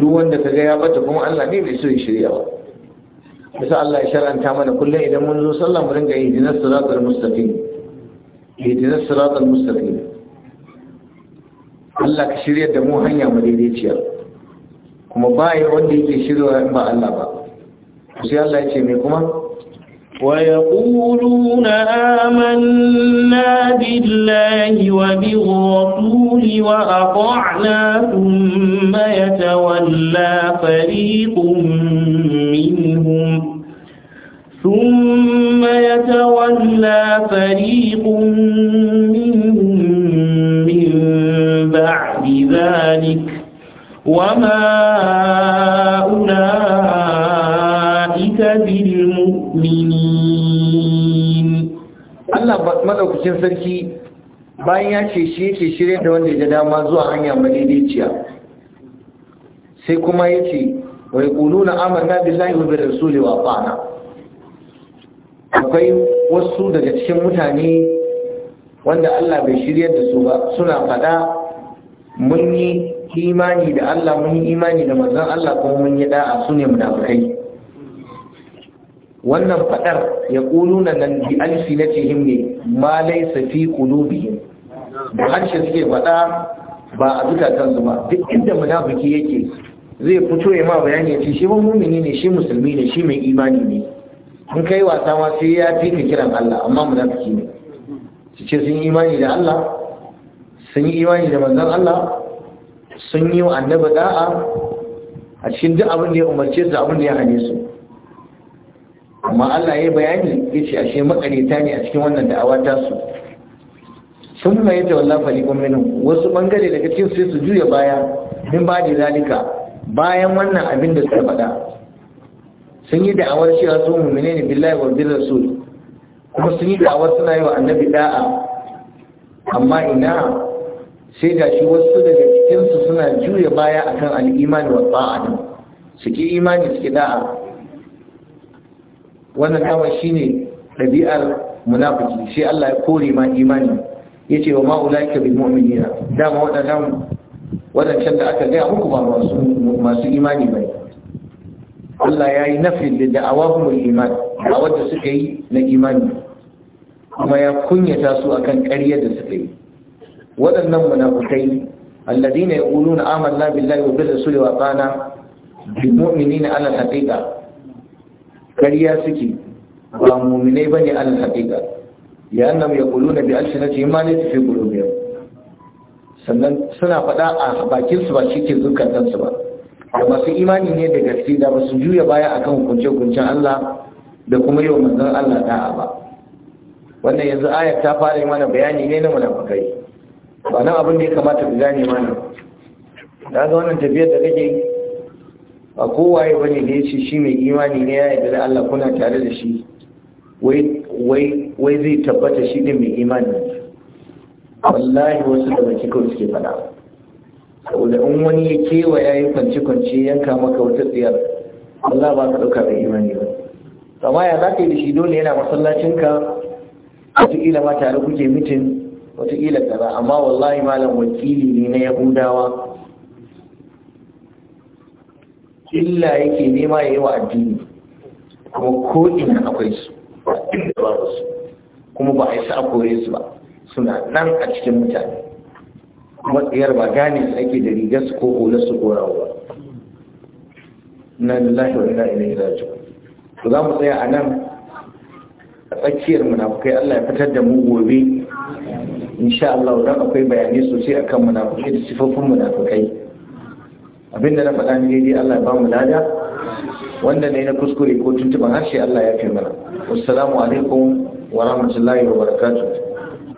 duk wanda kaga ya bata kuma Allah ne bai so ya shirya ba bisa Allah ya shar'anta mana kullum idan mun zo sallah mu ringa ihdinas siratal mustaqim ihdinas siratal mustaqim Allah ka shirya da mu hanya mu daidaiciya kuma ba yi wanda yake shirya ba Allah ba sai Allah ya ce me kuma ويقولون آمنا بالله وبالرسول وأطعنا ثم يتولى فريق منهم ثم يتولى فريق منهم من بعد ذلك وما Allah madaukakin sarki bayan ya ce shi yake shirye da wanda ya dama zuwa hanya madaidaiciya sai kuma ya ce wai na amana billahi wa bi rasuli wa ta'ana akwai wasu daga cikin mutane wanda Allah bai shirye da su ba suna faɗa mun yi imani da Allah mun yi imani da manzon Allah kuma mun yi da'a su ne munafikai wannan fadar ya kuluna nan bi alsinatihim ne ma laysa fi qulubihim da harshe suke fada ba a zukatan su ba duk inda munafiki yake zai fito ya ma bayani ya ce shi ba mumini ne shi musulmi ne shi mai imani ne in kai wasa ma sai ya fi ka kiran Allah amma munafiki ne su ce sun yi imani da Allah sun yi imani da manzon Allah sun yi wa annabi da'a a cikin duk abin da ya umarce su abin da ya hane su amma Allah ya bayani ya ce ashe makarita ne a cikin wannan da'awa ta su sun ma yadda wallah falikun minu wasu bangare daga cikin sai su juya baya din ba da zalika bayan wannan abin da suka faɗa sun yi da'awar cewa su mummune ne billahi wa bil rasul kuma sun yi da'awar suna yi wa annabi da'a amma ina sai ga shi wasu daga cikinsu suna juya baya akan al'imani wa ba'a su ki imani suke da'a wannan dama shine ɗabi'ar munafiki sai Allah ya kore ma imani yace wa ma ulaika bil mu'minina dama wadannan wadancan da aka gaya muku ba masu imani bane Allah ya yi nafi da da'awahumul iman a wanda suka yi na imani kuma ya kunyata su akan ƙaryar da suka yi waɗannan munafukai alladina yaquluna amanna billahi wa bi rasulihi wa qana bil Allah ta haqiqa Karya suke ba muminai ba ne alal haƙiƙa ya annam ya kulu na bi alsinatihim ma ne tafi biyar sannan suna faɗa a bakinsu ba shi ke zukatansu ba da masu imani ne da gaske da basu juya baya akan hukunce-hukuncen Allah da kuma yau manzon Allah ta'a ba wannan yanzu ayat ta fara yi mana bayani ne na munafikai ba nan abin da ya kamata ku gane mana da ga wannan tafiyar da kake ba kowaye bane da ya ce shi mai imani ne ya yarda da Allah kuna tare da shi wai zai tabbata shi ne mai imani wallahi wasu da baki kawai suke faɗa saboda in wani ya kewa ya yi kwanci-kwanci yanka maka wata tsiyar Allah ba ka ɗauka mai imani ba amma ya za ka yi da shi dole yana masallacinka wataƙila ma tare kuke mitin wataƙila tsara. amma wallahi malam wakili ne na yahudawa illa yake nema ya yi wa addini kuma ko'ina akwai su inda ba su kuma ba a yi a kore su ba suna nan a cikin mutane kuma tsayar ba gane su ake da rigar su ko hular su korawa ba na lillahi wa ina ilaihi ju to za mu tsaya a nan a tsakiyar munafukai Allah ya fitar da mu gobe insha Allah dan akwai bayanai sosai akan munafukai da sifofin munafukai Abin da na faɗa ne daidai Allah ya bamu lada wanda ne na kuskure ko tuntuban harshe Allah ya fi mana assalamu alaikum wa rahmatullahi wa barakatuh